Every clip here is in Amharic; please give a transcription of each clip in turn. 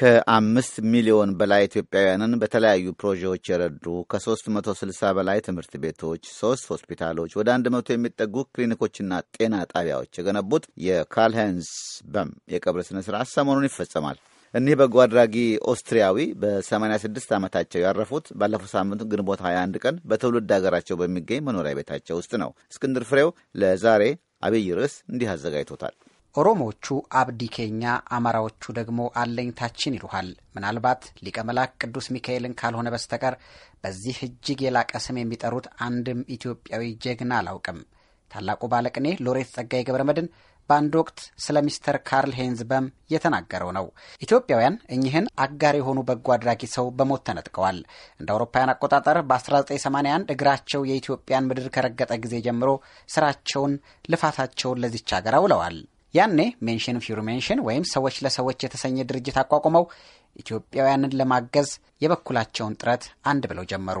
ከአምስት ሚሊዮን በላይ ኢትዮጵያውያንን በተለያዩ ፕሮጀክቶች የረዱ ከ360 በላይ ትምህርት ቤቶች፣ ሶስት ሆስፒታሎች፣ ወደ 100 የሚጠጉ ክሊኒኮችና ጤና ጣቢያዎች የገነቡት የካልሄንስ በም የቀብር ስነ ስርዓት ሰሞኑን ይፈጸማል። እኒህ በጎ አድራጊ ኦስትሪያዊ በ86 ዓመታቸው ያረፉት ባለፈው ሳምንት ግንቦት 21 ቀን በትውልድ ሀገራቸው በሚገኝ መኖሪያ ቤታቸው ውስጥ ነው። እስክንድር ፍሬው ለዛሬ አብይ ርዕስ እንዲህ አዘጋጅቶታል። ኦሮሞዎቹ አብዲ ኬኛ፣ አማራዎቹ ደግሞ አለኝታችን ይሉሃል። ምናልባት ሊቀ መላክ ቅዱስ ሚካኤልን ካልሆነ በስተቀር በዚህ እጅግ የላቀ ስም የሚጠሩት አንድም ኢትዮጵያዊ ጀግና አላውቅም። ታላቁ ባለቅኔ ሎሬት ጸጋዬ ገብረ መድን በአንድ ወቅት ስለ ሚስተር ካርል ሄንዝ በም የተናገረው ነው። ኢትዮጵያውያን እኚህን አጋር የሆኑ በጎ አድራጊ ሰው በሞት ተነጥቀዋል። እንደ አውሮፓውያን አቆጣጠር በ1981 እግራቸው የኢትዮጵያን ምድር ከረገጠ ጊዜ ጀምሮ ስራቸውን፣ ልፋታቸውን ለዚች ሀገር አውለዋል። ያኔ ሜንሽን ፊር ሜንሽን ወይም ሰዎች ለሰዎች የተሰኘ ድርጅት አቋቁመው ኢትዮጵያውያንን ለማገዝ የበኩላቸውን ጥረት አንድ ብለው ጀመሩ።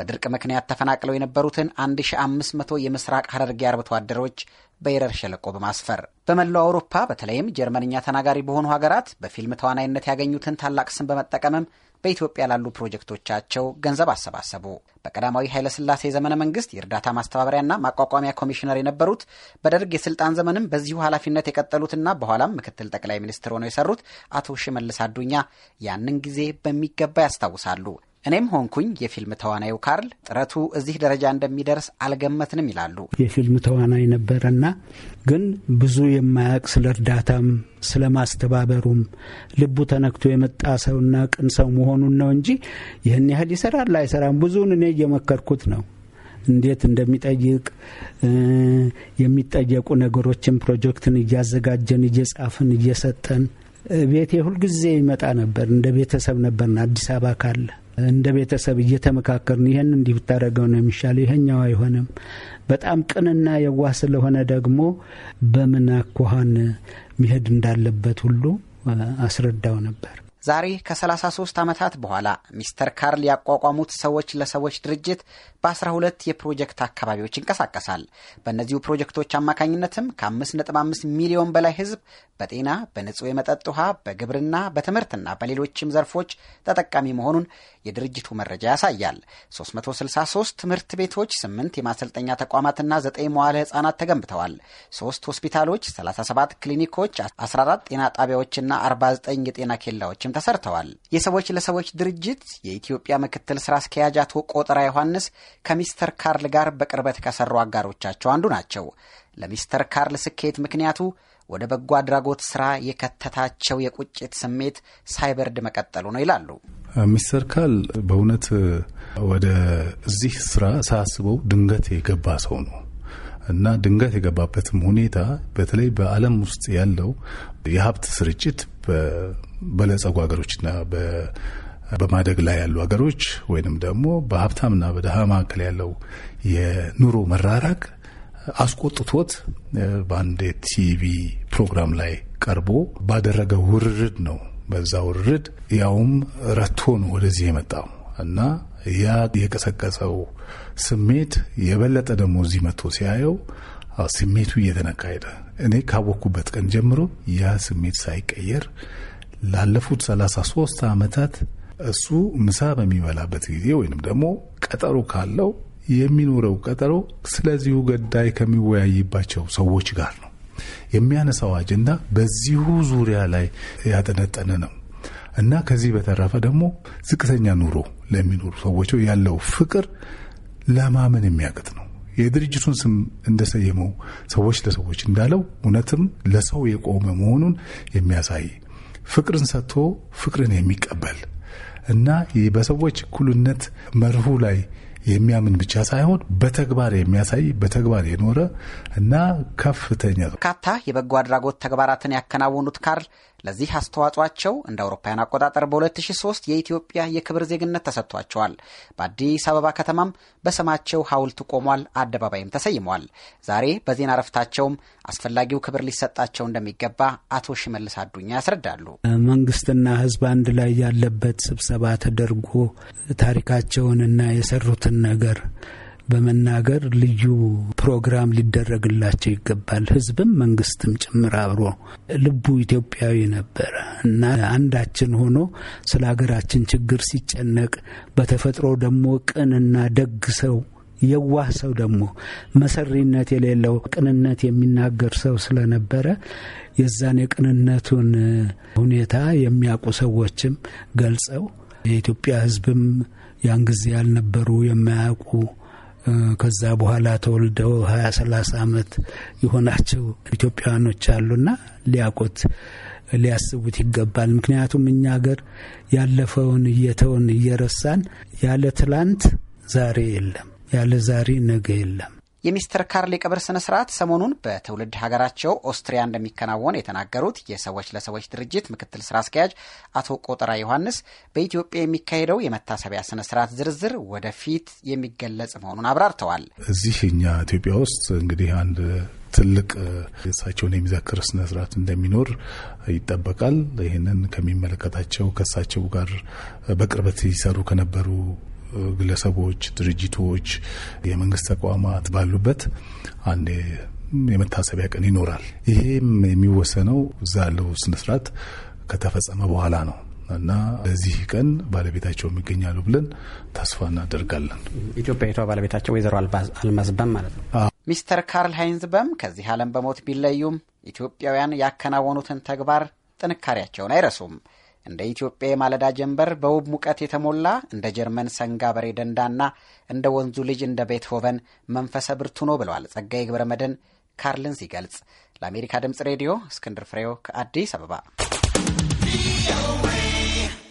በድርቅ ምክንያት ተፈናቅለው የነበሩትን 1500 የምስራቅ ሐረርጌ አርብቶ አደሮች በይረር ሸለቆ በማስፈር በመላው አውሮፓ በተለይም ጀርመንኛ ተናጋሪ በሆኑ ሀገራት በፊልም ተዋናይነት ያገኙትን ታላቅ ስም በመጠቀምም በኢትዮጵያ ላሉ ፕሮጀክቶቻቸው ገንዘብ አሰባሰቡ። በቀዳማዊ ኃይለሥላሴ ዘመነ መንግስት የእርዳታ ማስተባበሪያና ማቋቋሚያ ኮሚሽነር የነበሩት በደርግ የስልጣን ዘመንም በዚሁ ኃላፊነት የቀጠሉትና በኋላም ምክትል ጠቅላይ ሚኒስትር ሆነው የሰሩት አቶ ሽመልስ አዱኛ ያንን ጊዜ በሚገባ ያስታውሳሉ። እኔም ሆንኩኝ የፊልም ተዋናዩ ካርል ጥረቱ እዚህ ደረጃ እንደሚደርስ አልገመትንም ይላሉ። የፊልም ተዋናይ ነበረና ግን ብዙ የማያውቅ ስለ እርዳታም ስለ ማስተባበሩም ልቡ ተነክቶ የመጣ ሰውና ቅን ሰው መሆኑን ነው እንጂ ይህን ያህል ይሰራል አይሰራም፣ ብዙውን እኔ እየመከርኩት ነው እንዴት እንደሚጠይቅ የሚጠየቁ ነገሮችን ፕሮጀክትን እያዘጋጀን እየጻፍን እየሰጠን ቤቴ ሁልጊዜ ይመጣ ነበር። እንደ ቤተሰብ ነበርና አዲስ አበባ ካለ እንደ ቤተሰብ እየተመካከርን ይህን እንዲህ ብታደረገው ነው የሚሻለው፣ ይሄኛው አይሆንም። በጣም ቅንና የዋህ ስለሆነ ደግሞ በምን አኳኋን መሄድ እንዳለበት ሁሉ አስረዳው ነበር። ዛሬ ከ33 ዓመታት በኋላ ሚስተር ካርል ያቋቋሙት ሰዎች ለሰዎች ድርጅት በ12 የፕሮጀክት አካባቢዎች ይንቀሳቀሳል። በእነዚሁ ፕሮጀክቶች አማካኝነትም ከ5.5 ሚሊዮን በላይ ሕዝብ በጤና፣ በንጹህ የመጠጥ ውሃ፣ በግብርና፣ በትምህርትና በሌሎችም ዘርፎች ተጠቃሚ መሆኑን የድርጅቱ መረጃ ያሳያል። 363 ትምህርት ቤቶች፣ 8 የማሰልጠኛ ተቋማትና 9 መዋለ ህፃናት ተገንብተዋል። 3 ሆስፒታሎች፣ 37 ክሊኒኮች፣ 14 ጤና ጣቢያዎችና 49 የጤና ኬላዎች ስራዎችን ተሰርተዋል። የሰዎች ለሰዎች ድርጅት የኢትዮጵያ ምክትል ስራ አስኪያጅ አቶ ቆጠራ ዮሐንስ ከሚስተር ካርል ጋር በቅርበት ከሰሩ አጋሮቻቸው አንዱ ናቸው። ለሚስተር ካርል ስኬት ምክንያቱ ወደ በጎ አድራጎት ስራ የከተታቸው የቁጭት ስሜት ሳይበርድ መቀጠሉ ነው ይላሉ። ሚስተር ካል በእውነት ወደ እዚህ ስራ ሳያስበው ድንገት የገባ ሰው ነው እና ድንገት የገባበትም ሁኔታ በተለይ በዓለም ውስጥ ያለው የሀብት ስርጭት በበለጸጉ ሀገሮችና በማደግ ላይ ያሉ ሀገሮች ወይንም ደግሞ በሀብታምና በድሃ መካከል ያለው የኑሮ መራራቅ አስቆጥቶት በአንድ ቲቪ ፕሮግራም ላይ ቀርቦ ባደረገ ውርርድ ነው። በዛ ውርርድ ያውም ረቶ ነው ወደዚህ የመጣው እና ያ የቀሰቀሰው ስሜት የበለጠ ደግሞ እዚህ መጥቶ ሲያየው ስሜቱ እየተነካ ሄደ። እኔ ካወቅኩበት ቀን ጀምሮ ያ ስሜት ሳይቀየር ላለፉት ሰላሳ ሶስት ዓመታት እሱ ምሳ በሚበላበት ጊዜ ወይንም ደግሞ ቀጠሮ ካለው የሚኖረው ቀጠሮ ስለዚሁ ገዳይ ከሚወያይባቸው ሰዎች ጋር ነው። የሚያነሳው አጀንዳ በዚሁ ዙሪያ ላይ ያጠነጠነ ነው እና ከዚህ በተረፈ ደግሞ ዝቅተኛ ኑሮ ለሚኖሩ ሰዎች ያለው ፍቅር ለማመን የሚያቅት ነው። የድርጅቱን ስም እንደሰየመው ሰዎች ለሰዎች እንዳለው እውነትም ለሰው የቆመ መሆኑን የሚያሳይ ፍቅርን ሰጥቶ ፍቅርን የሚቀበል እና በሰዎች እኩልነት መርሁ ላይ የሚያምን ብቻ ሳይሆን በተግባር የሚያሳይ በተግባር የኖረ እና ከፍተኛ በርካታ የበጎ አድራጎት ተግባራትን ያከናወኑት ካርል ለዚህ አስተዋጽኦቸው እንደ አውሮፓውያን አቆጣጠር በ2003 የኢትዮጵያ የክብር ዜግነት ተሰጥቷቸዋል። በአዲስ አበባ ከተማም በስማቸው ሐውልት ቆሟል፣ አደባባይም ተሰይሟል። ዛሬ በዜና እረፍታቸውም አስፈላጊው ክብር ሊሰጣቸው እንደሚገባ አቶ ሽመልስ አዱኛ ያስረዳሉ። መንግስትና ሕዝብ አንድ ላይ ያለበት ስብሰባ ተደርጎ ታሪካቸውንና የሰሩትን ያሉትን ነገር በመናገር ልዩ ፕሮግራም ሊደረግላቸው ይገባል። ህዝብም መንግስትም ጭምር አብሮ ልቡ ኢትዮጵያዊ ነበረ እና አንዳችን ሆኖ ስለ ሀገራችን ችግር ሲጨነቅ በተፈጥሮ ደግሞ ቅንና ደግ ሰው የዋህ ሰው ደግሞ መሰሪነት የሌለው ቅንነት የሚናገር ሰው ስለነበረ የዛን የቅንነቱን ሁኔታ የሚያውቁ ሰዎችም ገልጸው የኢትዮጵያ ህዝብም ያን ጊዜ ያልነበሩ የማያውቁ ከዛ በኋላ ተወልደው ሀያ ሰላሳ ዓመት የሆናቸው ኢትዮጵያውያኖች አሉና ሊያውቁት ሊያስቡት ይገባል። ምክንያቱም እኛ ሀገር ያለፈውን እየተውን እየረሳን ያለ ትላንት ዛሬ የለም፣ ያለ ዛሬ ነገ የለም። የሚስተር ካርል የቀብር ስነ ስርዓት ሰሞኑን በትውልድ ሀገራቸው ኦስትሪያ እንደሚከናወን የተናገሩት የሰዎች ለሰዎች ድርጅት ምክትል ስራ አስኪያጅ አቶ ቆጠራ ዮሐንስ በኢትዮጵያ የሚካሄደው የመታሰቢያ ስነ ስርዓት ዝርዝር ወደፊት የሚገለጽ መሆኑን አብራርተዋል። እዚህ እኛ ኢትዮጵያ ውስጥ እንግዲህ አንድ ትልቅ እሳቸውን የሚዘክር ስነ ስርዓት እንደሚኖር ይጠበቃል። ይህንን ከሚመለከታቸው ከእሳቸው ጋር በቅርበት ይሰሩ ከነበሩ ግለሰቦች፣ ድርጅቶች፣ የመንግስት ተቋማት ባሉበት አንድ የመታሰቢያ ቀን ይኖራል። ይሄም የሚወሰነው እዛ ያለው ስነስርዓት ከተፈጸመ በኋላ ነው እና በዚህ ቀን ባለቤታቸውም ይገኛሉ ብለን ተስፋ እናደርጋለን። ኢትዮጵያዊቷ ባለቤታቸው ወይዘሮ አልማዝ በም ማለት ነው። ሚስተር ካርል ሃይንዝ በም ከዚህ ዓለም በሞት ቢለዩም ኢትዮጵያውያን ያከናወኑትን ተግባር ጥንካሬያቸውን አይረሱም። እንደ ኢትዮጵያ የማለዳ ጀንበር በውብ ሙቀት የተሞላ እንደ ጀርመን ሰንጋ በሬ ደንዳና እንደ ወንዙ ልጅ እንደ ቤትሆቨን መንፈሰ ብርቱ ነው ብለዋል ጸጋዬ ግብረ መድኅን ካርልን ሲገልጽ። ለአሜሪካ ድምፅ ሬዲዮ እስክንድር ፍሬው ከአዲስ አበባ